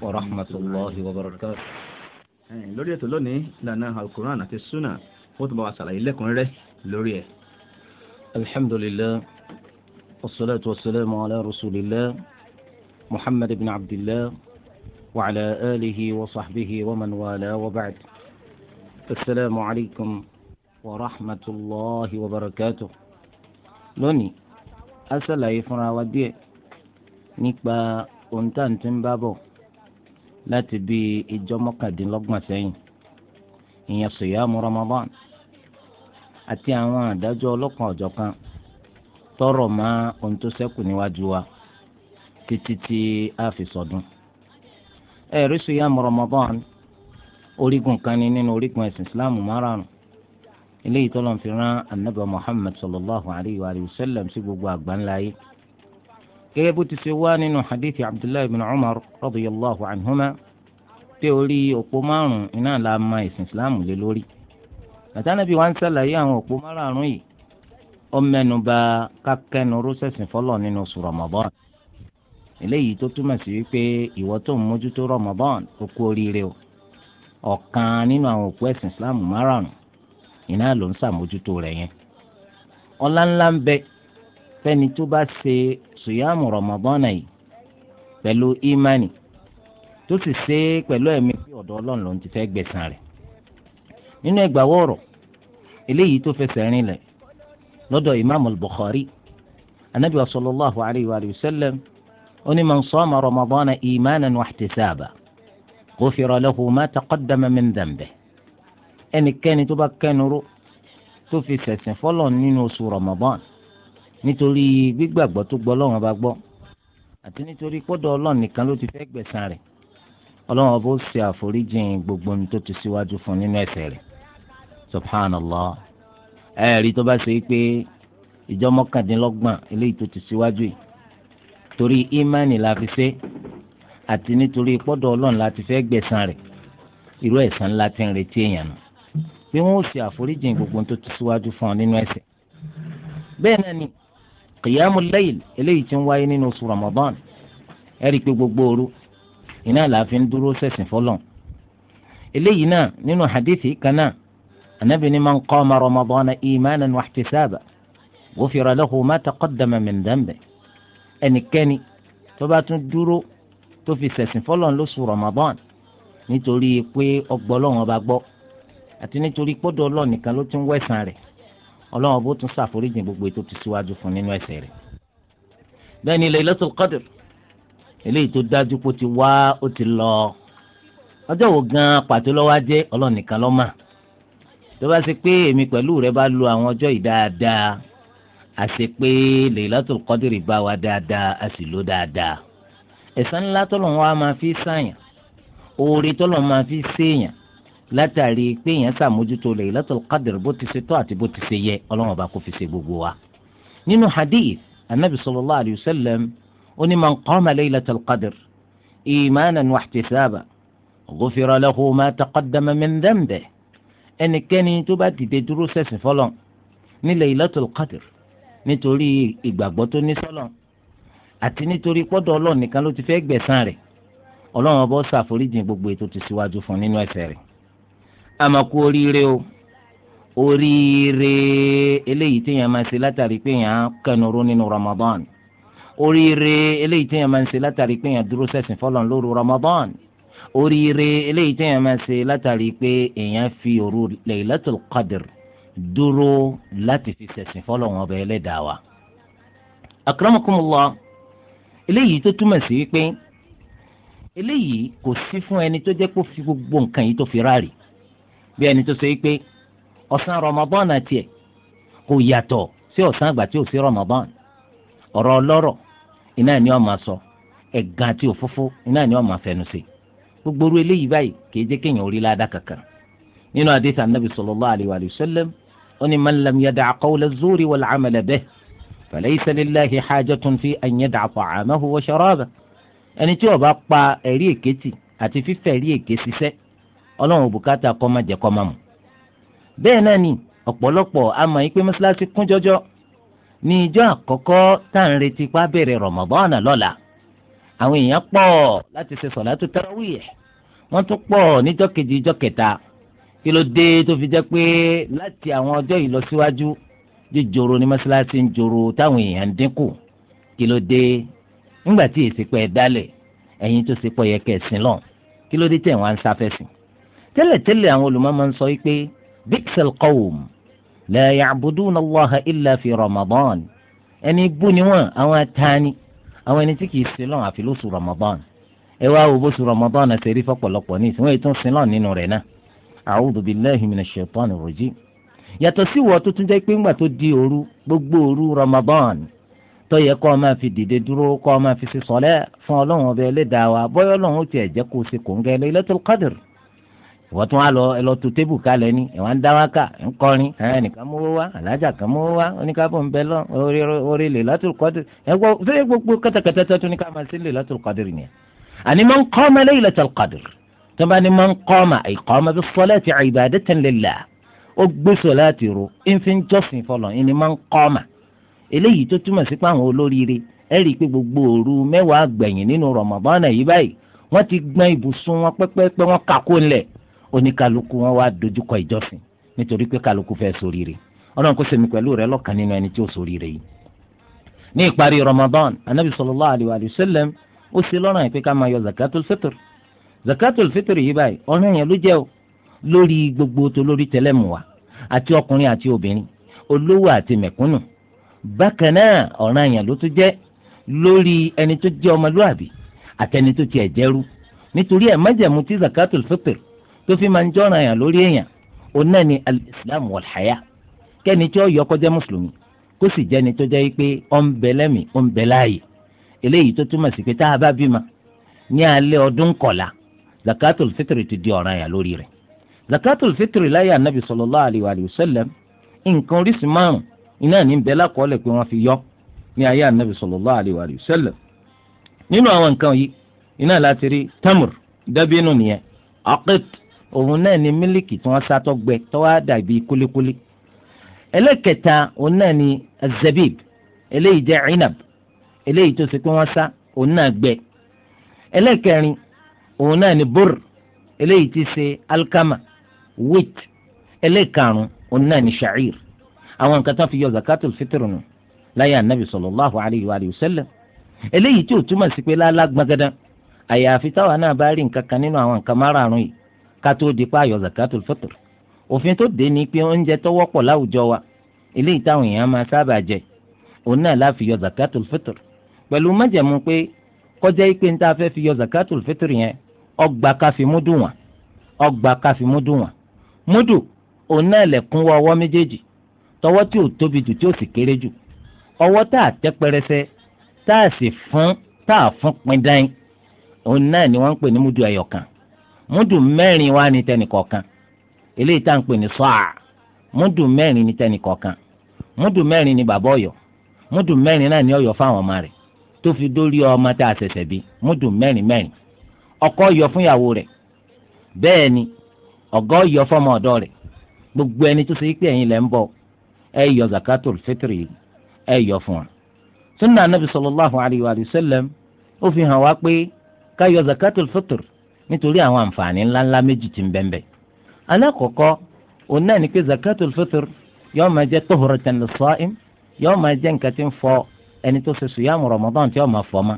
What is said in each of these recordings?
wa rahmatulahi wa barakatuh. lórí ètò lónìí lànà alukur'an àti sunna wọ́n ti bá wa ṣàlàyé lẹ́kùnrẹ́rẹ́ lórí ẹ̀. alhamdulilayi wasalaatu wasalaamu ala rasulillah muhammad ibn abdillah wa ala alihi wa sahbihi wa man wala wa ba'd. asalaamu alaykum wa rahmatulahi wa barakatuh. lónìí a ṣàlàyé fúnra wa díẹ̀ nípa ohun tá à ń tún bá bọ̀ láti bí ìjọ mọ́kàndínlọ́gbọ̀n sẹ́yìn ìyẹn sòyàmù Ramadan àti àwọn àdájọ́ ọlọ́kan ọ̀jọ̀kan tọrọ mọ́ ohun tó ṣẹ́kù níwájú wa títí tí a fi sọdún. ẹ̀rí sòyàmù Ramadan orígun kan ní nínú orígun ẹ̀sìn Islam márùn-ún eléyìí tọ́lọ́ rán anábẹ́ Muhammad sallallahu alayhi wa sallam sí gbogbo àgbáńlá yìí. gẹ́gẹ́ bó ti ṣe wá nínú hadith abdullahi bin umar radiyallahu anhuma pé orí òpó márùn iná la ma ìsìn islámù lé lórí nàtànàbí wa ń ṣàlàyé àwọn òpó márùn yìí ó mẹ́nuba kákẹ́nu rọ́ṣẹ̀sìn fọlọ́ nínú oṣù ramadan eléyìí tó túmọ̀ sí wípé ìwọ tó ń mójútó ramadan ó o ọ̀kan nínú àwọn òpó ẹ̀sìn márùn iná ló ń ṣàmójútó rẹ̀ yẹn fẹ́ni tó bá ṣe sùyàmù rọ̀mọ́bọ́nà yìí pẹ̀lú ìmánì tó sì ṣe é pẹ̀lú ẹ̀mí pé ọ̀dọ̀ ọlọ́run lòún ti fẹ́ gbẹ̀san rẹ̀ nínú ẹgbàáwọ̀ ọ̀rọ̀ eléyìí tó fẹsẹ̀ rinlẹ̀ lọ́dọ̀ ìmáàmù Bukhari anabi sallallahu alayhi wa sallam ó ní man sama rọ̀mọ́bọ́nà ìmánà ní wàhtísábà gufira lahu ma taqaddama min ẹnikẹ́ni tó bá kẹnuru tó fi ṣẹ̀sìn fọ́lọ́ nínú oṣù rọ̀mọ́bọ́nà nítorí gbígbàgbọ́ tó gbọ́ lọ́wọ́n bá gbọ́ àti nítorí pọ́dọ̀ ọlọ́run nìkan ló ti fẹ́ gbẹ̀san rẹ̀ ọlọ́run ọba ó ṣe àforíjìn gbogbo ohun tó ti síwájú fún nínú ẹ̀ṣẹ̀ rẹ̀ subhanallah ẹ̀rí tó bá ṣe pé ìjọ mọ́kàndínlọ́gbọ̀n eléyìí tó ti síwájú yìí torí ìmánì la fi ṣe àti nítorí pọ́dọ̀ ọlọ́run la ti fẹ́ gbẹ̀san rẹ̀ irú ẹ̀san ńlá ti ń retí èèyàn nù pé wọ́n ó ṣe àforíjìn gbogbo ohun tó ti síwájú fún nínú ẹ̀ṣẹ̀ bẹ́ẹ̀ náà ni kìyàmù lẹ́yìn eléyìí tí ń wáyé nínú oṣù Ramadan ẹ rí i pé gbogbo òru iná làáfin dúró sẹ̀sìn fọlọ́n eléyìí náà nínú hadithi kan náà anabi ni man qama Ramadan imanan wa ihtisaba ghufira lahu ma taqaddama min dhanbi ẹnikẹ́ni tó bá tún dúró tó fi sẹ̀sìn fọlọ́n lóṣù Ramadan nítorí pé ọgbọ́lọ́wọ́n bá gbọ́ àti nítorí pọ́dọ̀ ọlọ́ọ̀nìkan ló ti ń wẹ̀sán rẹ̀ ọlọ́run bó tún ṣàforíjìn gbogbo ètò ti síwájú fún nínú ẹ̀ṣẹ̀ rẹ̀ bẹ́ẹ̀ ni Laylatul Qadr eléyìí tó dájú pé ó ti wá ó ti lọ ọjọ́ wo gan pàtó ló wá jẹ́ ọlọ́run nìkan ló mọ̀ tó bá ṣe pé èmi pẹ̀lú rẹ bá lo àwọn ọjọ́ yìí dáadáa a ṣe pé Laylatul Qadr bá wa dáadáa a sì lò dáadáa ẹ̀san ńlá tọ́lọ́run wa máa fi ṣàyàn oore tọ́lọ́run máa fi ṣèyàn látàrí pé èèyàn ṣàmójútó Laylatul Qadr bó ti ṣe tó àti bó ti ṣe yẹ ọlọ́run ọba kò fi ṣe gbogbo wa. nínú hadith anabi sallallahu alayhi wa sallam ó ní man qama Laylatul Qadr imanan wa ihtisaban ghufira lahu ma taqaddama min dhanbihi ẹnikẹ́ni tó bá dìde dúró sẹ̀sìn fọlọ́ ní Laylatul Qadr nítorí ìgbàgbọ́ tó ní sọ́lọ́ àti nítorí pọ́dọ̀ ọlọ́run nìkan ló ti fẹ́ gbẹ̀san rẹ̀ ọlọ́run ọba ó ṣàforíjìn gbogbo ètò ti síwájú fún nínú ẹ̀ṣẹ̀ rẹ̀ amaku oríire o oríire eléyìí téèyàn máa ṣe látàrí pé èèyàn kẹnuru nínú Ramadan oríire eléyìí téèyàn máa ṣe látàrí pé èèyàn dúró sẹ́sìn fọlọ́n lóru Ramadan oríire eléyìí téèyàn máa ṣe látàrí pé èèyàn fi òru Laylatul Qadr dúró láti fi sẹ̀sìn fọlọ́ wọn bẹ ẹlẹ́dàá wa. akramakumullah eléyìí tó túmọ̀ sí wípé eléyìí kò sí fún ẹni tó jẹ́ kó fi gbogbo nǹkan yìí tó fi ráàlì bí ẹni tó ṣe pé ọ̀sán Ramadan àti ẹ̀ kò yàtọ̀ sí ọ̀sán àgbà tí ò sí Ramadan ọ̀rọ̀ ọlọ́rọ̀ iná ni ó máa sọ ẹ̀gàn àti òfófó iná ni ó máa fẹnu sí gbogbo orú eléyìí báyìí kì í jẹ́ kéèyàn orí ládàá kankan nínú àdéhùn anábì sallallahu alayhi wa sallam ó ní man lam yada'a qawla zuri wal amala bihi falaysa lillahi hajatun fi an yada'a ta'amahu wa sharabahu ẹni tí ó pa ẹ̀rí èké àti fífẹ́ ẹ̀rí èké ṣiṣẹ́ ọlọ́run bùkátà kọ́ má jẹ́ kọ́ má mu. bẹ́ẹ̀ náà ni ọ̀pọ̀lọpọ̀ àmọ́ yìí pé mọ́ṣáláṣí kún jọjọ ní ìjọ àkọ́kọ́ tá à ń retí pa bẹ̀rẹ̀ Ramadan lọ́la àwọn èèyàn pọ̀ láti ṣe sọ̀látù tarawih wọ́n tún pọ̀ níjọ́ kejì ìjọ́ kẹta kí ló dé tó fi jẹ́ pé láti àwọn ọjọ́ yìí lọ síwájú jíjoro ní mọ́ṣáláṣí ń joro táwọn èèyàn dínkù kí ló dé nígbà tí èsì pẹ́ dálẹ̀ ẹ̀yin tó ṣe pọ̀ yẹ kẹ̀sìn lọ kí ló dé tẹ̀ wọ́n á ń sáfẹ́sìn tẹ́lẹ̀tẹ́lẹ̀ àwọn olùmọ̀ máa ń sọ wípé bíksel qawm la ya'buduna Allaha illa fi Ramadan ẹni bú ni wọ́n àwọn atani àwọn ẹni tí kì í sin lọ́n àfi lóṣù Ramadan ẹ wá wo bóṣù Ramadan ṣe rí fọ́pọ̀lọpọ̀ ní ìsìn wọ́n ètò sin lọ́n nínú rẹ̀ náà a'udhu billahi minash shaitani rojim yàtọ̀ sí wọ́n tó tún jẹ́ pé ńgbà tó di òru gbogbo òru Ramadan tó yẹ kó máa fi dìde dúró kó máa fi ṣe fún Ọlọ́run ọbẹ ẹlẹ́dàá wa bọyọ Ọlọ́run ó tiẹ̀ jẹ́ kó o ṣe kòńgẹ́ Laylatul Qadr wọ́n tún wá lọ ẹ lọ tu tébù kalẹ̀ ni ẹ̀ wá ń dá wá kà ń kọrin ẹ̀ nìkan mú wá alájà kan mú wá oníkàbọ̀ ń bẹ lọ orí orí lè látò kọ́dìrì ẹ̀ gbọ́ sẹ́yìn gbogbo kẹ́tẹ́kẹ́tẹ́ tó ní ká máa sí lè látò kọ́dìrì nìyẹn. àní máa ń kọ́ ọmọ lẹ́yìn lẹ́tọ̀ kọ́dìrì tó bá ní máa ń kọ́ ọmọ àìkọ́ ọmọ bí sọlẹ́ẹ̀tì ibadatan lillah ti gbọ́n ibùsùn oníkálukú wọn wá dojúkọ ìjọsìn nítorí pé kálukú fẹ́ ṣoríire ọlọ́run kó sèmi pẹ̀lú rẹ lọ́kàn nínú ẹni tí ó ṣoríire yìí. ní ìparí Ramadan anabi sallallahu alayhi wa sallam ó ṣe lọ́rùn àìpé ká máa yọ zakatul fitr zakatul fitr yìí báyìí ọ̀ràn yẹn ló jẹ́ o lórí gbogbo tó lórí tẹlẹ́mù wa àti ọkùnrin àti obìnrin olówó àti mẹ̀kúnnù bákan náà ọ̀ràn yẹn ló tún jẹ́ lórí ẹni tó jẹ́ ọmọlúàbí àtẹni tó tiẹ̀ jẹ́rú nítorí ẹ̀ májẹ̀mú tí zakatul fitr tó fi máa ń jọ́ràn yàn lórí èèyàn òun náà ni al-islam wal-haya kẹ́ni tí ó yọ kó jẹ́ mùsùlùmí kó sì jẹ́ni tó jẹ́ pé ó ń bẹ lẹ́mìí ó ń bẹ láàyè eléyìí tó túmọ̀ sí pé tá a bá bímọ ní alẹ́ ọdún kọ̀la zakatul fitri ti di ọ̀ràn yàn lórí rẹ̀ zakatul fitri láyé anabi sallallahu alayhi wa sallam nǹkan oríṣi márùn iná ní bẹ́ẹ̀ lákọọ́lẹ̀ pé wọ́n fi yọ ní ayé anabi sallallahu alayhi wa sallam nínú àwọn nǹkan yìí iná láti rí tamur dábínú nìyẹn aqit òun náà ni mílíkì tí wọ́n sá tó gbẹ tó wá dàbí kúlíkúlí ẹlẹ́kẹta òun náà ni azabib eléyìí jẹ́ inab eléyìí tó ṣe pé wọ́n sá òun náà gbẹ ẹlẹ́kẹrin òun náà ni bur eléyìí ti ṣe alkama wheat ẹlẹ́karùn òun náà ni sha'ir àwọn nǹkan tó fi yọ zakatul fitr nù láyé anabi sallallahu alayhi wa sallam eléyìí tí ò túmọ̀ sí pé lálá gbọ́ngàdán àyàfi táwa náà bá rí nǹkan kan nínú àwọn nǹkan márààrún yìí kátó di pa àyọ zakatul fitr òfin tó dé ni pé oúnjẹ tó wọ́pọ̀ láwùjọ wa eléyìí táwọn èèyàn máa sábà jẹ òun náà la fi yọ zakatul fitr pẹ̀lú májẹ̀mú pé kọjá ipe níta fẹ́ fi yọ zakatul fitr yẹn ọgbà káfí múdù wọn ọgbà káfí múdù wọn múdù òun náà lẹ̀kún wọ ọwọ́ méjèèjì tọwọ́ tí ò tóbi jù tí ò sì kéré jù ọwọ́ tá a tẹ́ pẹrẹsẹ tá a sì fún tá a fún pin dáin òun náà ni wọ́n ń pè ní múdù ẹyọkan múdù mẹ́rin wá ní tẹnìkọ̀ọ̀kan eléyìí tá à ń pè ní sọ́à múdù mẹ́rin ní tẹnìkọ̀ọ̀kan múdù mẹ́rin ní bàbá ọ̀yọ́ múdù mẹ́rin náà ní ọ̀yọ́ fáwọn ọmọ rẹ̀ tó fi dórí ọmọ tá a ṣẹ̀ṣẹ̀ bí múdù mẹ́rin mẹ́rin ọkọ yọ fún ìyàwó rẹ̀ bẹ́ẹ̀ ni ọ̀gá yọ fọmọ ọ̀dọ́ rẹ̀ gbogbo ẹni tó ṣe pé ẹ̀yin lẹ́ ń bọ̀ ẹ yọ zakatul fitri ẹ yọ fún wa sunna anabi sallallahu alayhi wa sallam ó fi hàn wá pé ká yọ zakatul fitri nítorí àwọn àǹfààní ńláńlá méjì tí ń bẹ ńbẹ̀. alákọ̀ọ́kọ́ òun náà ni pé zakatul fitr yóò máa jẹ́ tóhùrọ̀tàn lọ́sọ́ọ́ìm yóò máa jẹ́ nǹkan tí ń fọ ẹni tó ṣe sùyàmù rọmọdán tí yóò máa fọ ma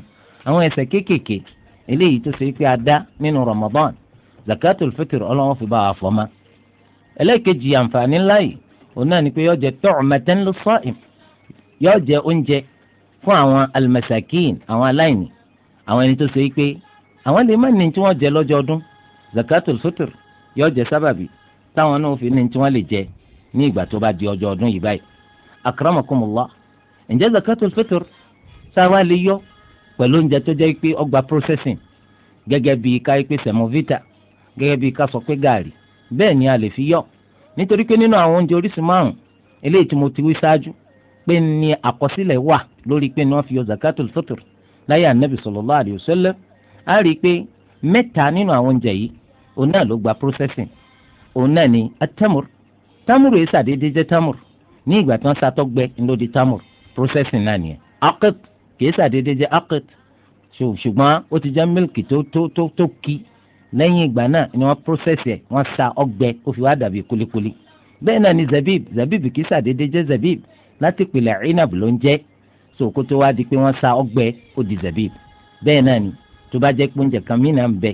àwọn ẹ̀ṣẹ̀ kéékèèké eléyìí tó ṣe pé a dá nínú rọmọdán zakatul fitr ọlọ́wọ́n fi bá wa fọ ma. ẹlẹ́ẹ̀kejì àǹfààní ńlá yìí òun náà ni pé yóò àwọn lè má ní tí wọ́n jẹ lọ́jọ́ ọdún zakatul fitr yóò jẹ sábàbí táwọn náà fi ní tí wọ́n lè jẹ ní ìgbà tó bá di ọjọ́ ọdún yìí báyìí akramakumullah ǹjẹ́ zakatul fitr sáwa lè yọ pẹ̀lú oúnjẹ tó jẹ́ pé ọgbà processing gẹ́gẹ́ bíi ká pé semovita gẹ́gẹ́ bíi ká sọ pé gààrí bẹ́ẹ̀ ni a lè fi yọ nítorí pé nínú àwọn oúnjẹ oríṣi márùn eléyìí tí mo ti wí ṣáájú pé ní àkọsílẹ̀ wà lórí pé ni wọ́n fi yọ zakatul fitr láyé anabi sallallahu alayhi sallam a rí i pé mẹ́ta nínú àwọn oúnjẹ yìí òun náà ló gba processing òun náà ni atamur tamur yìí sàdédé jẹ́ tamur ní ìgbà tí wọ́n ṣàtọ́gbẹ́ ló di tamur processing náà nìyẹn akit kìí sàdédé jẹ́ akit ṣùgbọ́n ó ti jẹ́ mílìkì tó tó tó tó kí lẹ́yìn ìgbà náà ni wọ́n process ẹ̀ wọ́n sa ọgbẹ́ ó fi wá dàbí kulikuli bẹ́ẹ̀ náà ni zabib zabib kìí sàdédé jẹ́ zabib láti pìlẹ̀ inab ló ń jẹ́ so kó tó wá di pé wọ́n sa ọgbẹ́ ó di zabib bẹ́ẹ̀ náà ni tó bá jẹ́ pé oúnjẹ kan mìíràn ń bẹ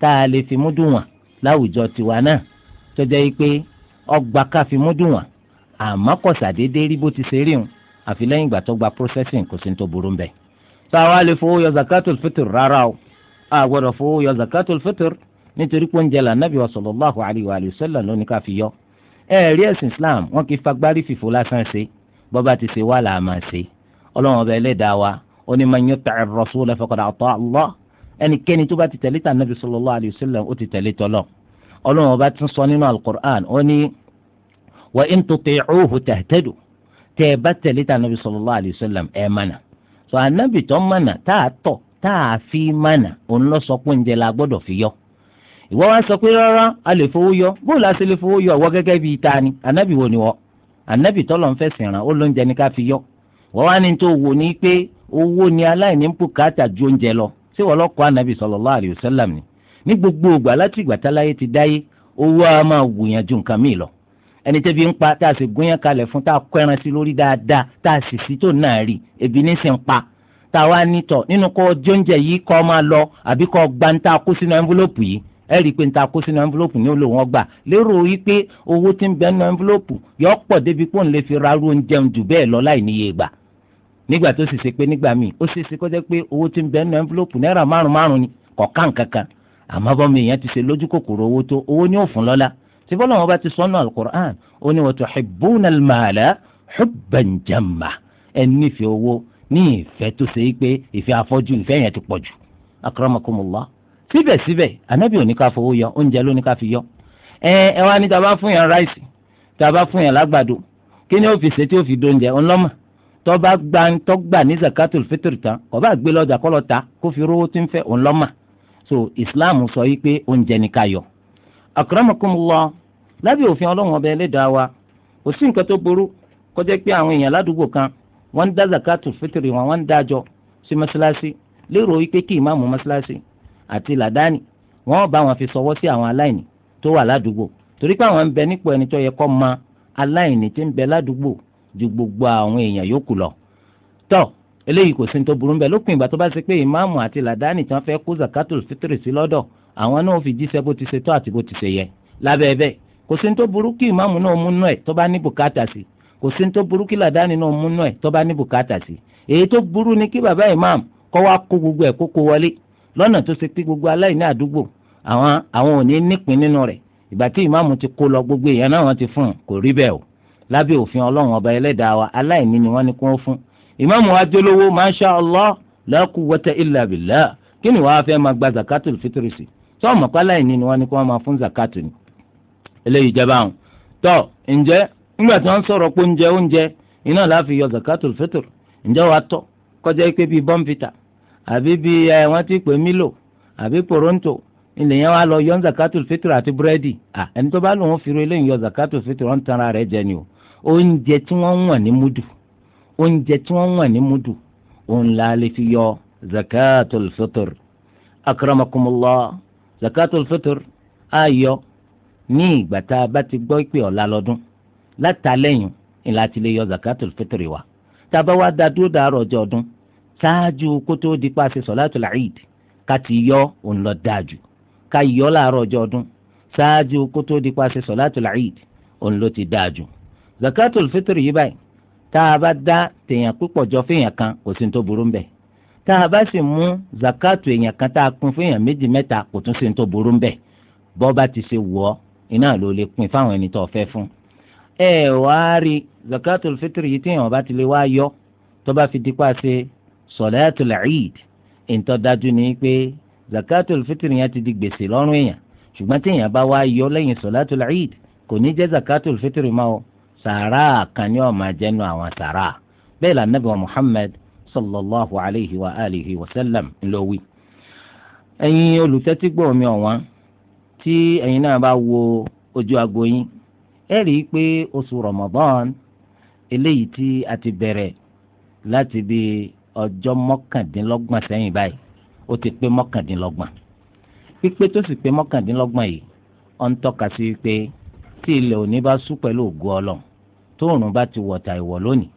tá a lè fi múdù wọn láwùjọ tiwa náà tó jẹ́ pé ọgbà ká fi múdù wọn àmọ́ kò sàdédé rí bó ti ṣe rí òun àfi lẹ́yìn ìgbà tó gba processing kò sí ní tó burú bẹ́ẹ̀. tá a wá lè fowó yọ zakatul fitr rárá o a gbọ́dọ̀ fowó yọ zakatul fitr nítorí pé oúnjẹ là nàbí wa sallallahu alayhi wa sallam ká fi yọ. ẹ rí ẹ̀sìn islam wọn kì í fagbárí fìfò lásán ṣe bọ́ba ti ṣe wà là ṣe ọlọ́run ọba ẹlẹ́dàá wa ó ní man yuti'i ar-rasula faqad ata'a Allah ẹnikẹ́ni tó bá ti tẹ̀lé tà nàbì sallallahu alayhi wa sallam ó ti tẹ̀lé tọ́lọ̀ ọlọ́run ọba tún sọ nínú alukur'an ó ní wa in tuti'uhu tahtadu tẹ́ ẹ bá tẹ̀lé tà nàbì sallallahu alayhi wa sallam ẹ mànà sọ ànábì tó mànà tá a tọ̀ tá a fi mànà òun lọ sọ pé ǹjẹ́ la gbọ́dọ̀ fi yọ ìwọ wá sọ pé rárá a lè fowó yọ bóòlù a lè fowó yọ wọ gẹ́gẹ́ bíi ta ni ànábì wo ni wọ ànábì tọ́lọ̀ ń fẹ́ sìn ràn ó lóúnjẹ ní ká fi yọ wọ́n wá ní tó wò ní pé owó ni aláìní ń bùkátà ju oúnjẹ lọ ṣé wọ́n lọ́kọ́ anabi sallallahu alayhi wa ni ní gbogbo ìgbà láti ìgbà ti dáyé owó a máa wùyàn ju nǹkan míì lọ ẹni tẹ́bi ń pa tá a sì gúnyán kalẹ̀ fún tá a kọ́ ẹran sí lórí dáadáa tá a sì sí tó náà rí ebi ní sì ń pa tá a wá nítọ̀ nínú kọ́ ọjọ́ oúnjẹ yìí kọ́ máa lọ àbí kọ́ gba ń ta kó sínú ẹnfúlọ́pù yìí ẹ rí i pé ń ta kó sínú ẹnfúlọ́pù ní olóhùn ọgbà lérò yìí pé owó tí ń bẹ nínú ẹnfúlọ́pù yọ pọ̀ débi pé òun lè fi ra irú oúnjẹ jù bẹ́ẹ̀ lọ láì níye gbà nígbà tó sì ṣe pé nígbà míì ó ṣe é ṣe kó jẹ́ pé owó tí ń bẹ nínú envelope náírà márùn márùn ni kọ̀ọ̀kan kankan àmọ́ bọ́mọ èèyàn ti ṣe lójú kòkòrò owó tó owó ní òfun lọ́la tí bọ́lá wọn bá ti sọ́nù alukur'an ó ní wa tuhibbuna al-mala hubban jamma ẹ nífẹ̀ẹ́ owó ní ìfẹ́ tó ṣe é pé ìfẹ́ afọ́jú ìfẹ́ yẹn ti pọ̀ jù akramakumullah síbẹ̀síbẹ̀ anabi ò ní ká fowó yọ oúnjẹ ló ní ká fi yọ ẹ ẹ wá ní tá a bá fún tọ́ba gba tọ́gbà ní zakatul fitr tán kọ́ba gbé lọ́jà kọ́lọ́ ta kó fi rówó tí fẹ́ òun lọ́mà so islam sọ yìí pé oúnjẹ ni ká yọ. akramakumullah lábẹ́ òfin ọlọ́run ọba ẹlẹ́dàá wa kò sí nǹkan tó burú kó jẹ́ pé àwọn èèyàn ládùúgbò kan wọ́n ń dá zakatul fitr wọn wọ́n ń dájọ́ sí mọ́ṣáláṣí lérò wípé kí ìmáàmù mọ́ṣáláṣí àti làdáni wọ́n bá wọn fi sọwọ́ sí àwọn aláìní tó wà ládùúgbò torí pé àwọn ń ju gbogbo àwọn èèyàn yòókù lọ tọ́ eléyìí kò sí ní tó burú ń bẹ lópin ìgbà tó bá ṣe pé ìmáàmù àti làdáni tí wọ́n fẹ́ kó zakatul fitiri sí lọ́dọ̀ àwọn náà fi jíṣẹ́ bó ti ṣe tọ́ àti bó ti ṣe yẹ lábẹ́ ẹbẹ́ kò sí ní tó burú kí ìmáàmù náà múnú ẹ̀ tó bá ní bùkátà sí kò sí ní tó burú kí làdáni náà múnú ẹ̀ tó bá ní bùkátà sí èyí tó burú ni kí bàbá ìmáàmù kọ́ wá kó gbogbo ẹ̀ kókó wọlé lọ́nà tó ṣe pé gbogbo aláìní àdúgbò àwọn àwọn ò ní nípìn nínú rẹ̀ ìgbà tí ìmáàmù ti kó lọ gbogbo èèyàn náà wọ́n ti fún un kò rí bẹ́ẹ̀ o lábẹ́ òfin ọlọ́run ọba ẹlẹ́dàá wa aláìní ni wọ́n ní kó fún ìmáàmù wa jólówó masha allah la quwwata illa billah kí ni wàá fẹ́ máa gba zakatul fitiri sí tọ́ ọmọ pa aláìní ni wọ́n ní kó wọ́n máa fún zakatu ni eléyìí jẹ́ báwọn tọ́ ǹjẹ́ nígbà tí wọ́n sọ̀rọ̀ pé oúnjẹ oúnjẹ iná láàfin yọ zakatul fitir ǹjẹ́ wàá tọ́ kọjá pé bíi bọ́ǹfìtà àbí bíi ẹ wọ́n ti pè mílò lọ yọ zakatul fitir àti búrẹ́dì ẹni tó bá lòun fi ro eléyìí yọ zakatul fitir wọ́n tanra rẹ̀ jẹ ni o oúnjẹ tí wọ́n ń wọ̀n ní múdù oúnjẹ tí wọ́n ń wọ̀n ní múdù òun la fi yọ zakatul fitr akramakumullah zakatul fitr á yọ ní ìgbà tá a bá ti gbọ́ pé ọ̀la lọ́dún látàlẹ́yìn ni lè yọ zakatul fitr wa tá a bá wá da dúró dàárọ̀ ọjọ́ ọdún ṣáájú kó tó di pa ṣe sọ̀látul eid ká ti yọ òun lọ dáa ká yọ láàárọ̀ ọjọ́ ọdún ṣáájú kó di pa ṣe sọ̀látul òun ló ti dáa zakatul fitiri yìí báyìí tá a bá dá tèèyàn púpọ̀ jọ fèèyàn kan kò sí tó burú mbẹ̀ tá a bá sì mú zakatu èèyàn kan tá a pín fèèyàn méjì mẹ́ta kò tún sí tó burú mbẹ̀ bọ́ bá ti ṣe wọ̀ iná ló lè pín fáwọn ẹni tó fẹ́ fún. ẹ wàá rí zakatul fitiri yìí téèyàn bá ti wá yọ tó bá fi dípa ṣe sọ̀látul eid ìtọ́ dájú ni pé zakatul fitiri yẹn ti di gbèsè lọ́rùn èèyàn ṣùgbọ́n téèyàn bá wá yọ lẹ́yìn sọ̀látul eid kò ní jẹ́ zakatul fitiri máa sàárà kan ní ọmọ ajẹnu àwọn sàárà bẹ́ẹ̀ la nabi wa muhammad sallallahu alayhi wa alihi wa sallam ló wí. ẹ̀yin olùtẹ́tígbọ́ mi ọ̀wọ́n tí ẹ̀yin náà bá wo ojú agbo yín ẹ rí i pé oṣù ramadan eléyìí tí a ti bẹ̀rẹ̀ láti bí ọjọ́ mọ́kàndínlọ́gbọ̀n sẹ́yìn báyìí ó ti pé mọ́kàndínlọ́gbọ̀n pípé tó sì pé mọ́kàndínlọ́gbọ̀n yìí ó ń tọ́ka sí pé tí ilẹ̀ òní bá sú pẹ̀lú ògo ọlọ́run tóòrùn bá ti wọ̀tà ìwọ̀ lónìí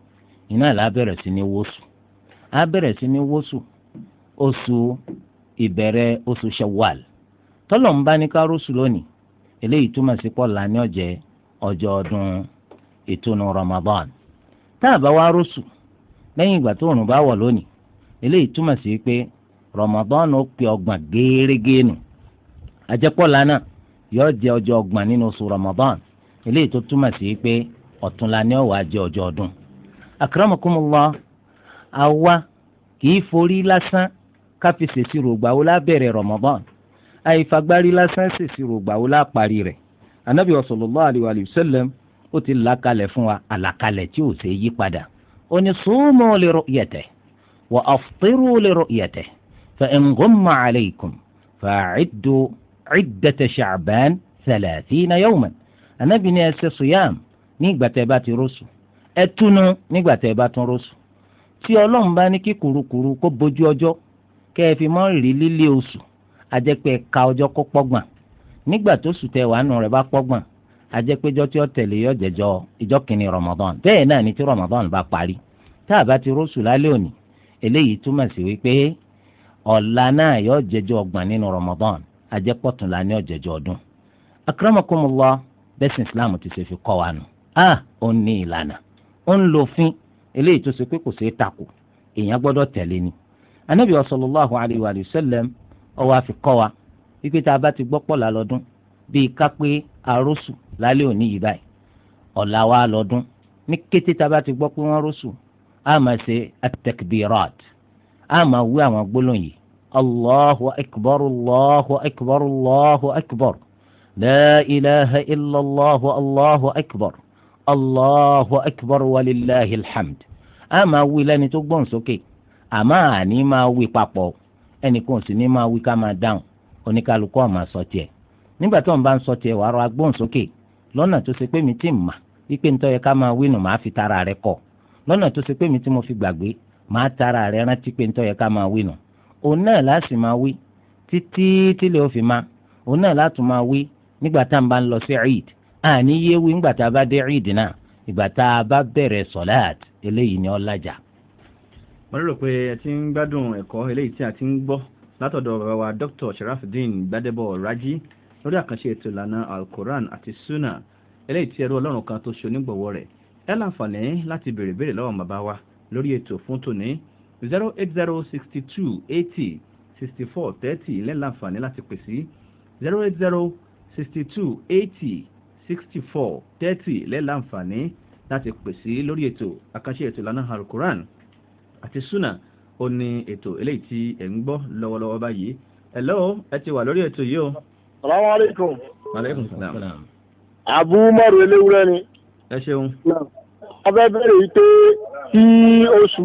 iná ìlà bẹ̀rẹ̀ sí ní wóṣù á sí ibere wóṣù oṣù ìbẹ̀rẹ̀ oṣù Shawwal tọ́lọ̀ ń bá ní kárọ́sù lónìí eléyìí túmọ̀ sí pọ́lá ní ọ̀jẹ̀ ọjọ́ ọdún ìtúnu Ramadan tá a bá wá rọ́sù lẹ́yìn ìgbà tóòrùn bá wọ̀ lónìí eléyìí túmọ̀ sí pé Ramadan ó ọ̀túnla ní ọ̀wọ́ ajé ọjọ́ ọdún. akramakumullah àwa kìí forí lásán ká fi ṣèṣirò gbàwó lábẹ̀rẹ̀ Ramadan àìfagbárí lásán ṣèṣirò gbàwó láparí rẹ̀ anabi sallallahu alayhi wa sallam ó ti làkalẹ̀ fún wa àlàkalẹ̀ tí ò ṣe yí padà ó ní sumu li ru'yatihi wa aftiru li ru'yatihi fa in ghumma alaykum fa'iddu iddata sha'ban thalathina yawman anabi ni ẹ ní ìgbà tẹ́ bá ti rọṣù ẹ túnú nígbà tẹ́ bá tún rọṣù tí ọlọ́run bá ní kí kùrukùru kó bójú ọjọ́ kẹ́ ẹ fi mọ́ rí lílé oṣù àjẹpẹ́ ka ọjọ́ kó pọ́gbọ̀n nígbà tó sùn tẹ wàánu rẹ̀ bá pọ́gbọ̀n àjẹpẹ́jọ́ tí ó tẹ̀lé yọ jẹjọ ìjọ kìíní Ramadan bẹ́ẹ̀ náà ni tí Ramadan bá parí tá a bá ti rọ́ṣù lálẹ́ òní eléyìí túmọ̀ sí wípé ọ̀la náà yọ jẹjọ ọgbọ̀n nínú Ramadan àjẹpọ̀tún la ní ọ̀jẹjọ ọdún akramakumullah bẹ́sìn Islam ti ṣe fi kọ́ wa nù a ò ní ìlànà ó ń lo fin eléyìí tó ṣe pé kò ṣeé takò èèyàn gbọ́dọ̀ tẹ̀lé ni anabi sallallahu alayhi wa sallam ó wá fi kọ́ wa wípé tá a bá ti gbọ́ pọ̀lá lọ́dún bíi ká pé arósù lálẹ́ òní yìí báyìí ọ̀la wa lọ́dún ní kété tá a bá ti gbọ́ pé wọ́n rósù a máa ṣe at a máa wí àwọn gbólóhùn yìí allahu akbar allahu akbar allahu akbar la ilaha illallah allahu akbar. Allah allahu akbar walillahi alhamd a máa wí lẹ́ni tó gbọ́n sókè àmọ́ àní máa wí papọ̀ ẹnìkan sì ní máa wí ká máa dáhùn oníkálukú máa sọ tiẹ̀ nígbà tó ń bá ń sọ tiẹ̀ wàá rọra gbọ́n sókè lọ́nà tó ṣe pé mi ti mà wípé ń tó yẹ ká máa wí nù máa fi tara rẹ̀ kọ̀ lọ́nà tó ṣe pé mi tí mo fi gbàgbé máa tara rẹ̀ rántí pé ń tó ká máa wí òun náà láti máa wí títí tílé ó fi òun náà láti máa wí nígbà tá à ń bá ń lọ sí eid àní yéwu ìgbà tá a bá dé ìdì náà ìgbà tá a bá bẹ̀rẹ̀ sọ̀láàt eléyìí ni ọlájà. mo lérò pé ẹ ti ń gbádùn ẹ̀kọ́ eléyìí tí a ti ń gbọ́ látọ̀dọ̀ bàbá wa dr sharafdin gbadebo raji lórí àkànṣe ètò ìlànà alquran àti sunna eléyìí tí ẹrú ọlọ́run kan tó ṣe rẹ̀ ẹ láǹfààní láti béèrè béèrè lọ́wọ́ bàbá wa lórí ètò fún tòní zero eight zero sixty two eighty sixty four thirty lẹ́ẹ̀ láǹfààní láti pè zero eight zero sixty two eighty sixty four thirty lẹ́làǹfààní láti pèsè lórí ètò àkànṣe ètò ìlànà alukoran àti suna ó ní ètò eléyìí tí ẹ̀ ń gbọ́ lọ́wọ́lọ́wọ́ báyìí hello ẹ ti wà lórí ètò yìí o. salaamu maaleykum salaam. abu umaru elewure ni. ẹ ṣeun. a fẹ́ bẹ̀rẹ̀ yìí pé tí oṣù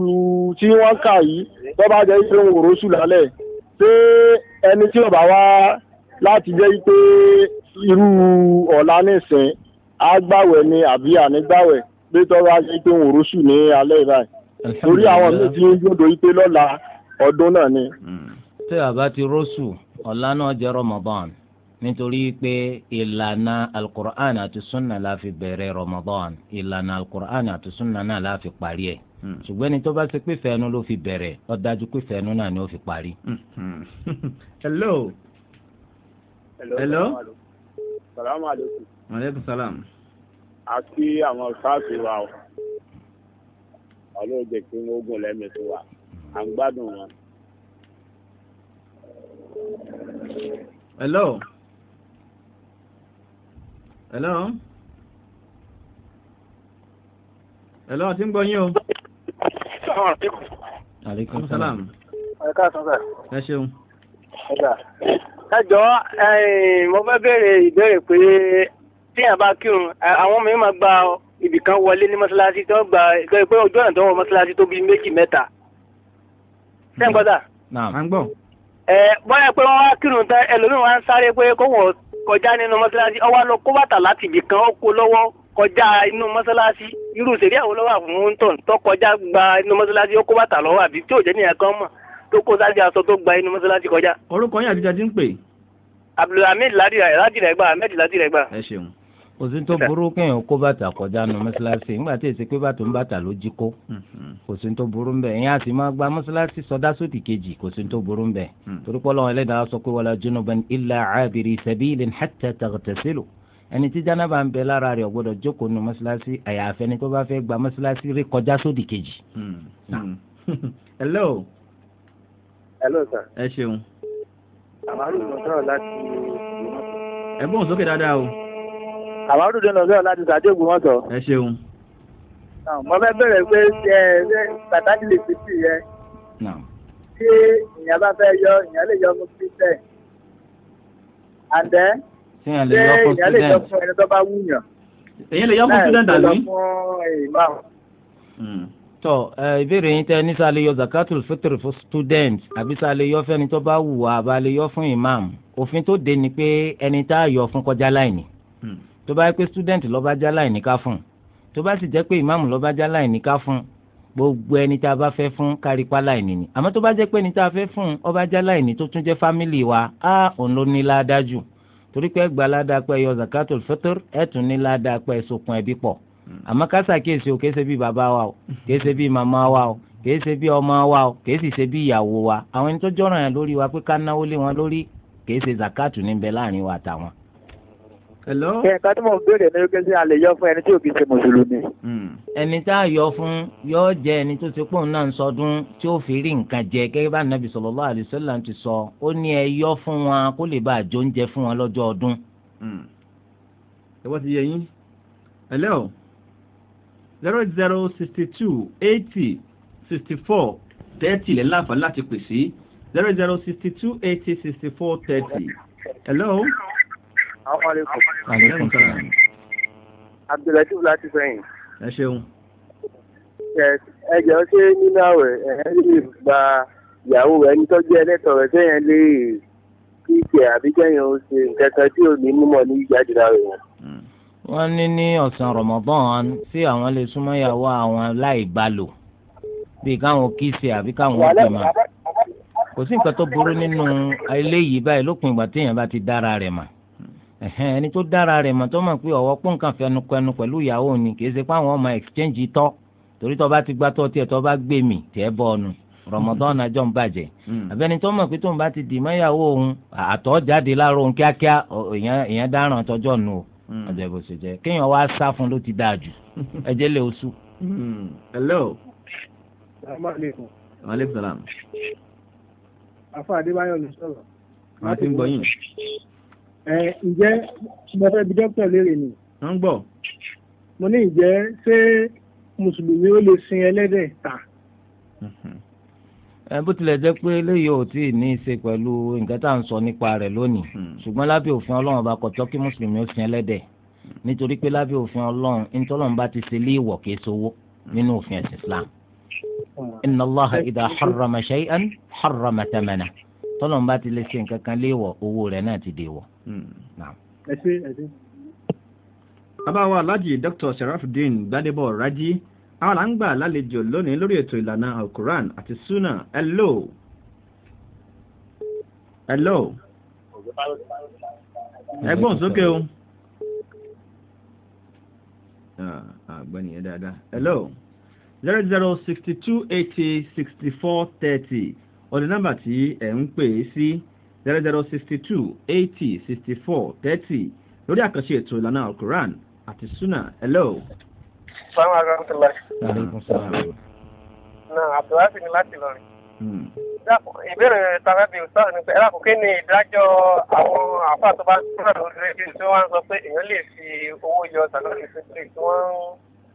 tí wọ́n kà yìí tó bá jẹ́ pé ń wòrò oṣù lálẹ́ ṣé ẹni tí ò wá láti jẹ́ pé irú ọ̀la nìsín á gbàwẹ̀ ni àbí ànígbàwẹ̀ pé tọ́wọ́ á ṣe pé òun rúṣù ní alẹ́ ìbáyìí torí àwọn mi ti ń yọ̀dọ̀ yìí pé lọ́la ọdún náà ni. Hmm. tí a bá ti rọ́ṣù ọ̀la náà jẹ́ Ramadan nítorí pé ìlànà alukur'an àti sunna la fi bẹ̀rẹ̀ Ramadan ìlànà alukur'an àti sunna náà la fi parí ẹ̀ hmm. ṣùgbọ́n ẹni tó bá ṣe pé fẹ́ẹ́nu ló fi bẹ̀rẹ̀ ó dájú pé fẹ́ẹ́nu náà ni ó fi parí. Hmm. hello. hello? hello? salamu aleykum. aleykum salam. a kí àwọn sáàsì wa o ọlọ́run jẹ́ kí wọ́n gùn lẹ́mìí tó wa à ń gbádùn wọn. hello. hello. hello ọtí ń gbọ́ yín o. salaamaleykum. aleykum salaam. ẹ káàsán ẹ ṣeun. ẹ jọ mo fẹ́ béèrè ìbéèrè pé téèyàn bá kírun àwọn mi gba ibì kan wọlé ní mọ́ṣáláṣí tó gba pé ojú ọ̀nà tó wọ mọ́ṣáláṣí tó bí méjì mẹ́ta ṣé ń gbọ́dà. pé wọ́n wá kírun tán ẹlòmíràn wá ń sáré pé kó wọ́n kọjá nínú ọwọ́ kó bàtà láti ibì kan gba inú ó kó bàtà lọ́wọ́ àbí tí tó kó sáájú aṣọ tó gba inú mọ́ṣáláṣí kọjá. orúkọ yín àtijọ́ ti ń pè. abdulhamid ládìrẹ́gbà ahmed ládìrẹ́gbà. ẹ ṣeun kò sí tó burú kéèyàn kó bàtà kọjá nu mọ́ṣáláṣí nígbà tí èsì pé bàtà ń bàtà ló jí kó mhm. kò sí tó burú ń bẹ̀ ìyẹn àti máa gba mọ́ṣáláṣí sọdá sódì kejì kò sí tó burú ń bẹ̀ mhm. torí pé Ọlọ́run ẹlẹ́dàá sọ pé wala junuban illa abiri sabilin hatta taghtasilu ẹni tí jánábà ń bẹ lára rẹ̀ ọ̀gbọ́dọ̀ jókòó nu mọ́ṣáláṣí àyàfẹ́ni tó bá fẹ́ gba mọ́ṣáláṣí rí kọjá sódì kejì. Mhm. hello hello sir. ẹ ṣeun. àmàlù ló sọ̀rọ̀ láti. ẹ bóun sókè dáadáa o. àmàlù ló ń sọ̀rọ̀ láti sàdé ògbómọ̀tọ̀. ẹ ṣeun. mo fẹ́ bẹ̀rẹ̀ pé ẹ ẹ pàtàkì lè fi sí yẹ. tí ìyẹn bá fẹ́ yọ ìyẹn lè yọ fún christian. and then ṣé ìyẹn lè yọ fún ẹni tó bá wúyàn. èyí lè yọ fún student àlùyí tọ ẹ ìbéèrè yín tẹ nísàlẹ yọ zakatul fitr fún student àbí sàlẹ yọ fẹni tó bá wù wá abalẹ yọ fún imam òfin tó de ni pé ẹni tá a yọ fún kọjá láìní hmm. tó bá yẹ pé student lọ́ba já láìní ká fún tó bá sì jẹ́ pé imam lọ́ba já láìní ká fún gbogbo ẹni tá a bá fẹ́ fún kárípá láìní ni àmọ́ tó bá jẹ́ pé ẹni tá a fẹ́ fún ọba já láìní tó tún jẹ́ fámìlì wa á òun ló ní láadájú torí pé gbàládàá pé yọ zakatul fitr ẹ̀ tún ní láadáa pé sokun ẹbí pọ̀ àmọ́ ká ṣàkíyèsí o kìí ṣe bí bàbá wa o kìí ṣe bí màmá wa o kìí ṣe bí ọmọ wa o kìí sì ṣe bí ìyàwó wa àwọn ẹni tó jọ̀ràn yẹn lórí wa pé ká náwó lé wọn lórí kìí ṣe zakatu níbẹ̀ láàrin wa àtàwọn. ṣé ẹ̀ka tí mo béèrè ní wípé ṣé a lè yọ fún ẹni tí ò kì í ṣe mùsùlùmí. Hmm. ẹni tá a yọ fún yóò jẹ ẹni tó ṣe pòun náà ń sọdún tí ó fi rí nǹkan jẹ gẹ́gẹ́ bá nàbì sallallahu zero zero sixty two eighty sixty four thirty lè láǹfà láti pè sí zero zero sixty two eighty sixty four thirty. hello. aleykum. aleykum salaam. abdulrasheed láti sẹ́yìn. ẹ ṣeun. ẹ jọ ṣé nínú àwẹ̀ ẹ lè gba ìyàwó ẹni tó jẹ́ ẹlẹ́tọ̀ rẹ̀ sẹ́yìn lè kí ìṣe àbíkẹ́yìn ó ṣe nǹkan kan tí ò ní mímọ̀ ní ìjáde lára wọn wọ́n ní ní ọ̀sán Ramadan sí àwọn lè súnmọ́ ìyàwó àwọn láì bá lò bíi káwọn kíìsì àbí káwọn ọ̀gbìn mọ́ kò sí nǹkan tó burú nínú eléyìí báyìí lópin ìgbà téèyàn bá ti dára rẹ̀ mà ẹni tó dára rẹ̀ mà tó mọ̀ pé ọ̀wọ́ pọ́ǹkà fẹnukẹnu pẹ̀lú ìyàwó ni kì í ṣe pé àwọn ọmọ exchange tọ́ torí tó bá ti gbá tọ́ tiẹ̀ tó bá gbé mi tiẹ̀ bọ́ ọ̀nù Ramadan àjọ ń bàjẹ́ mm. àbẹ́ni tó mọ̀ pé tóun bá ti dì mọ́ ìyàwó òun àtọ̀ jáde láàárọ̀ òun kíákíá èèyàn dáràn tọjọ́ nù o ọjọ́ bó ṣe jẹ́ kéèyàn wá sá fún ló ti dáa jù ẹjẹ́ lè oṣù. hello. salaamaleykum. maaleykum salaam. afa adébáyọ̀ ló sọ̀rọ̀. màá ti ń gbọ́ yín. ẹ ǹjẹ́ mo fẹ́ bi dókítà léèrè ni. ń gbọ́. mo ní ìjẹ́ ṣé mùsùlùmí ó lè sin ẹlẹ́dẹ̀ ta. Mhm bó tilẹ̀ jẹ́ pé eléyìí ò tí ì ní í ṣe pẹ̀lú nǹkan tá à ń sọ nípa rẹ̀ lónìí hmm. ṣùgbọ́n lábẹ́ òfin ọlọ́run ọba kò tọ́ kí mùsùlùmí ó sin ẹlẹ́dẹ̀ nítorí pé lábẹ́ òfin ọlọ́run ntọ́lọ́run bá ti ṣe léèwọ̀ kìí ṣowó nínú òfin ẹ̀sìn Islam inna Allaha idha harrama shay'an harrama thamana tọ́lọ́run bá ti lè ṣe nǹkan kan léèwọ̀ owó rẹ̀ náà ti dèèwọ̀. Hmm. bàbá wa aláàjì Dr àwọn là ń gbà lálejò lónìí lórí ètò ìlànà alquran àti sunna hello hello ẹgbọ́n sókè o àgbẹ̀ni ah, ah, yẹn dáadáa hello zero zero sixty two eighty sixty four thirty ọ̀dọ̀ nọ́mbà tí ẹ̀ ń pè é sí zero zero sixty two eighty sixty four thirty lórí àkànṣe ètò ìlànà alquran àti sunna hello sàmú àgbàntìlá. náà àbúrásì ni láti lọ rìn. ìbéèrè tàbí bí o sọ̀rọ̀ nípa ẹ̀rọ àkókò ní ìdájọ́ àwọn àfáà tó bá ń sọ̀rọ̀ lórí rédíò tí wọ́n ń sọ pé èèyàn lè fi owó yọ sàlọ́ọ̀lì fífi tí wọ́n ń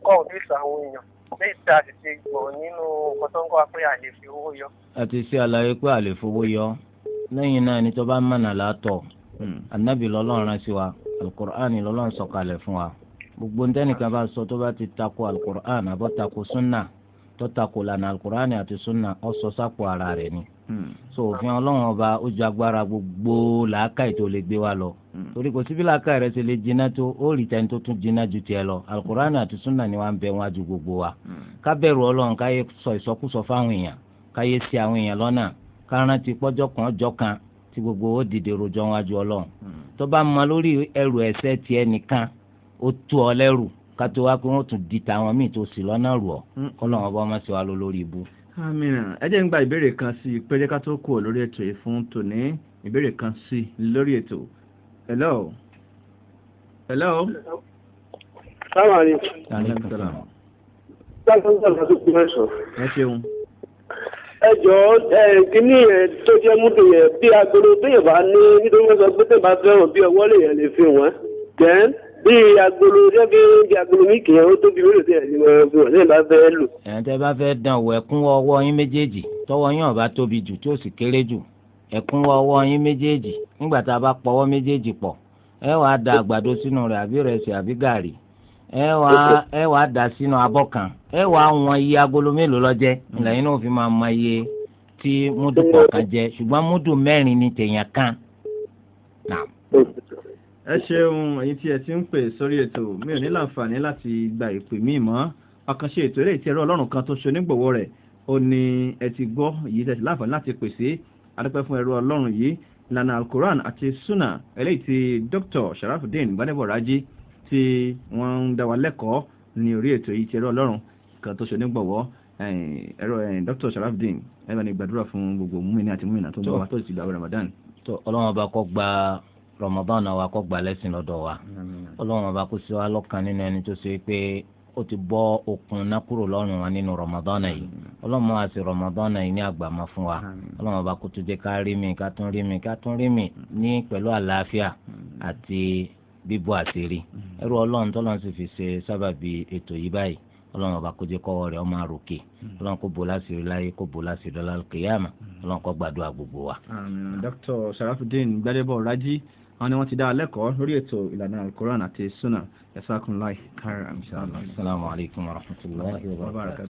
kọ́ òdìsọ àwọn èèyàn lẹ́yìn tí a sì ti gbọ́ nínú ọkọ̀ tó ń kọ́ wa pé a fi owó yọ. a ti ṣe àlàyé pé a fowó yọ lẹ́yìn náà ẹni tó bá mọ̀nà látọ̀ hmm. ànábì lọ́lọ́run sí wa alukur'ani lọ́lọ́run sọ̀kalẹ̀ fún wa gbogbo ntẹnìkan bá sọ tó bá ti tako alukur'an àbọ̀ tako sunna tó tako lànà alukur'an àti sunna ó sọ sápò ara rẹ̀ ni. Hmm. so òfin ọlọ́run ọba ó ju agbára gbogbo làákàyè tó lè gbé wa lọ. Hmm. torí kò síbi làákàyè rẹ ti lè jiná tó ó rí tẹni tó tún jiná ju tiẹ̀ lọ alukur'an àti sunna ni wà ń bẹ wọn ju gbogbo wa. Hmm. ká bẹ̀rù ọlọ́run ká yé sọ ìsọkúsọ fáwọn èèyàn ká yé sí àwọn èèyàn lọ́nà ká rántí pọ́jọ́ kan ọjọ́ kan tí gbogbo ó dìde rojọ́ wájú ọlọ́run tó bá mọ lórí ẹrù ẹ̀ṣẹ̀ tiẹ̀ nìkan ó tú ọ lẹ́rù kátó wá pé wọ́n tún di tàwọn míì tó sì lọ́nà rù ọ́ mm. kọ́lọ́n ọba ọmọ sí wa lọ lórí ibu. amina ẹ jẹ́ ń gba ìbéèrè kan sí i pé jẹ́ ká tó kú ọ lórí ètò yìí fún tòní ìbéèrè kan sí i lórí ètò. hello. hello. sáwọn àlè. aleykum salaam. sáwọn àlè ló ti máa sọ. ẹ ṣeun. ẹ jọ ẹ kíní ẹ tó jẹ múdù yẹn bí agolo tó yẹ bá ní nítorí wọn sọ pé tẹ bá fẹ́ràn bí ọwọ́ lè yẹn lè fi wọn. bí agolo jẹ́bi bí agolo mi kìí ó tóbi mélòó sí ẹ̀sìn wọn bí wọ́n sì bá fẹ́ lò. bá fẹ́ dán wọ ẹ̀kún ọwọ́ yín méjèèjì tọwọ́ yín ọ̀bá tóbi jù tí ó kéré jù ẹ̀kún ọwọ́ yín méjèèjì nígbà tá méjèèjì pọ̀ ẹ wàá da àgbàdo sínú rẹ̀ àbí àbí gàrí kan ẹ wàá agolo mélòó ẹ ṣeun ẹ̀yin tí ẹ ti ń pè sórí ètò mi ò ní láǹfààní láti gba ìpè míì mọ́ àkànṣe ètò eré ìtì ẹ̀rọ ọlọ́run kan tó ṣe onígbọ̀wọ́ rẹ̀ ó ní ẹ ti gbọ́ èyí tẹ̀sí láǹfààní láti pèsè adúpẹ́ fún ẹ̀rọ ọlọ́run yìí lànà alquran àti sunna eléyìí ti dr sharafudin gbadeboraji tí wọ́n ń dá wa lẹ́kọ̀ọ́ ní orí ètò yìí ti ẹ̀rọ ọlọ́run kan tó ṣe onígbọ̀wọ́ ẹ̀rọ dr sharafudin ẹ̀rọ ni gbàdúrà fún gbogbo múmi ní àti múmi náà tó ń bọ̀ wá tó rọmọbọ́n náà wa kọ́ gbà lẹ́sìn lọ́dọ̀ wa ọlọ́run ọba kò sí wa lọ́kàn nínú ẹni tó ṣe pé ó ti bọ́ okùn náà kúrò lọ́rùn wa nínú rọmọdọ́nà yìí ọlọ́mọ àti rọmọdọ́nà yìí ní àgbàmọ́ fún wa ọlọ́mọ bá kó tó jẹ́ ká rí mi ká tún rí mi ká tún rí mi ní pẹ̀lú àlàáfíà àti bíbò àṣírí ẹrú ọlọ́run fi ṣe sábàbí ètò yìí báyìí ọlọ́run ọba kó jẹ́ kọ́wọ́ rẹ̀ ọmọ àròkè ọlọ́run kó bò láṣìírí láyé kó bò láṣìírí lọ́la kìyàmà ọlọ́run kó gbàdúrà gbogbo wa. dr sarafuddin gbadebo raji àwọn ni wọ́n ti dá a lẹ́kọ̀ọ́ lórí ètò ìlànà alukoran àti sunna ẹ̀sàkùnláì kárí àmì sàlámù alaykum